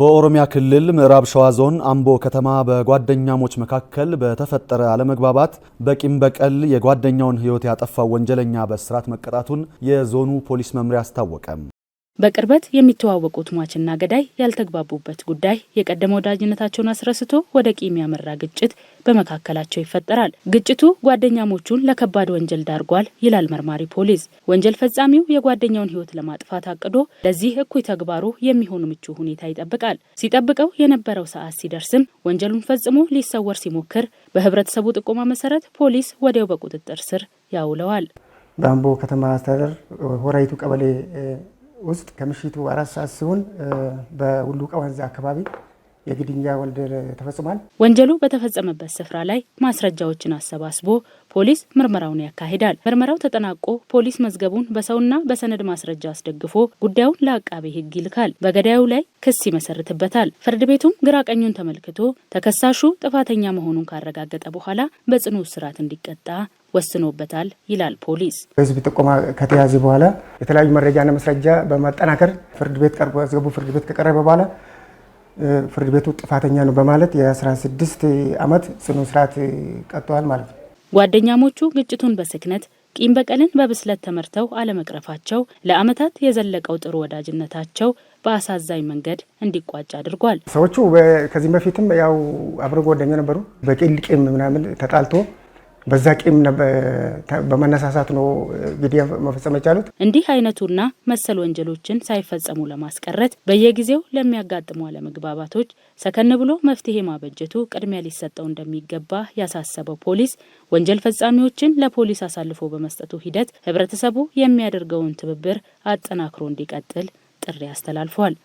በኦሮሚያ ክልል ምዕራብ ሸዋ ዞን አምቦ ከተማ በጓደኛሞች መካከል በተፈጠረ አለመግባባት በቂም በቀል የጓደኛውን ሕይወት ያጠፋው ወንጀለኛ በእስራት መቀጣቱን የዞኑ ፖሊስ መምሪያ አስታወቀ። በቅርበት የሚተዋወቁት ሟችና ገዳይ ያልተግባቡበት ጉዳይ የቀደመ ወዳጅነታቸውን አስረስቶ ወደ ቂም ያመራ ግጭት በመካከላቸው ይፈጠራል። ግጭቱ ጓደኛሞቹን ለከባድ ወንጀል ዳርጓል ይላል መርማሪ ፖሊስ። ወንጀል ፈጻሚው የጓደኛውን ሕይወት ለማጥፋት አቅዶ ለዚህ እኩይ ተግባሩ የሚሆን ምቹ ሁኔታ ይጠብቃል። ሲጠብቀው የነበረው ሰዓት ሲደርስም ወንጀሉን ፈጽሞ ሊሰወር ሲሞክር በህብረተሰቡ ጥቆማ መሰረት ፖሊስ ወዲያው በቁጥጥር ስር ያውለዋል። በአምቦ ከተማ አስተዳደር ሆራይቱ ቀበሌ ውስጥ ከምሽቱ አራት ሰዓት ሲሆን በውሉቃ ወንዝ አካባቢ የግድያ ወንጀል ተፈጽሟል። ወንጀሉ በተፈጸመበት ስፍራ ላይ ማስረጃዎችን አሰባስቦ ፖሊስ ምርመራውን ያካሂዳል። ምርመራው ተጠናቆ ፖሊስ መዝገቡን በሰውና በሰነድ ማስረጃ አስደግፎ ጉዳዩን ለአቃቤ ሕግ ይልካል። በገዳዩ ላይ ክስ ይመሰርትበታል። ፍርድ ቤቱም ግራ ቀኙን ተመልክቶ ተከሳሹ ጥፋተኛ መሆኑን ካረጋገጠ በኋላ በጽኑ እስራት እንዲቀጣ ወስኖበታል ይላል ፖሊስ። በህዝብ ጥቆማ ከተያዘ በኋላ የተለያዩ መረጃና ማስረጃ በማጠናከር ፍርድ ቤት ቀርቦ ያስገቡ ፍርድ ቤት ከቀረበ በኋላ ፍርድ ቤቱ ጥፋተኛ ነው በማለት የ16 ዓመት ጽኑ እስራት ቀጥተዋል ማለት ነው። ጓደኛሞቹ ግጭቱን በስክነት ቂም በቀልን በብስለት ተመርተው አለመቅረፋቸው ለአመታት የዘለቀው ጥሩ ወዳጅነታቸው በአሳዛኝ መንገድ እንዲቋጭ አድርጓል። ሰዎቹ ከዚህም በፊትም ያው አብረው ጓደኛ ነበሩ። በቂል ቂም ምናምን ተጣልቶ በዛ ቂም በመነሳሳት ነው ግድያ መፈጸም የቻሉት። እንዲህ አይነቱና መሰል ወንጀሎችን ሳይፈጸሙ ለማስቀረት በየጊዜው ለሚያጋጥሙ አለመግባባቶች ሰከን ብሎ መፍትሄ ማበጀቱ ቅድሚያ ሊሰጠው እንደሚገባ ያሳሰበው ፖሊስ ወንጀል ፈጻሚዎችን ለፖሊስ አሳልፎ በመስጠቱ ሂደት ህብረተሰቡ የሚያደርገውን ትብብር አጠናክሮ እንዲቀጥል ጥሪ አስተላልፏል።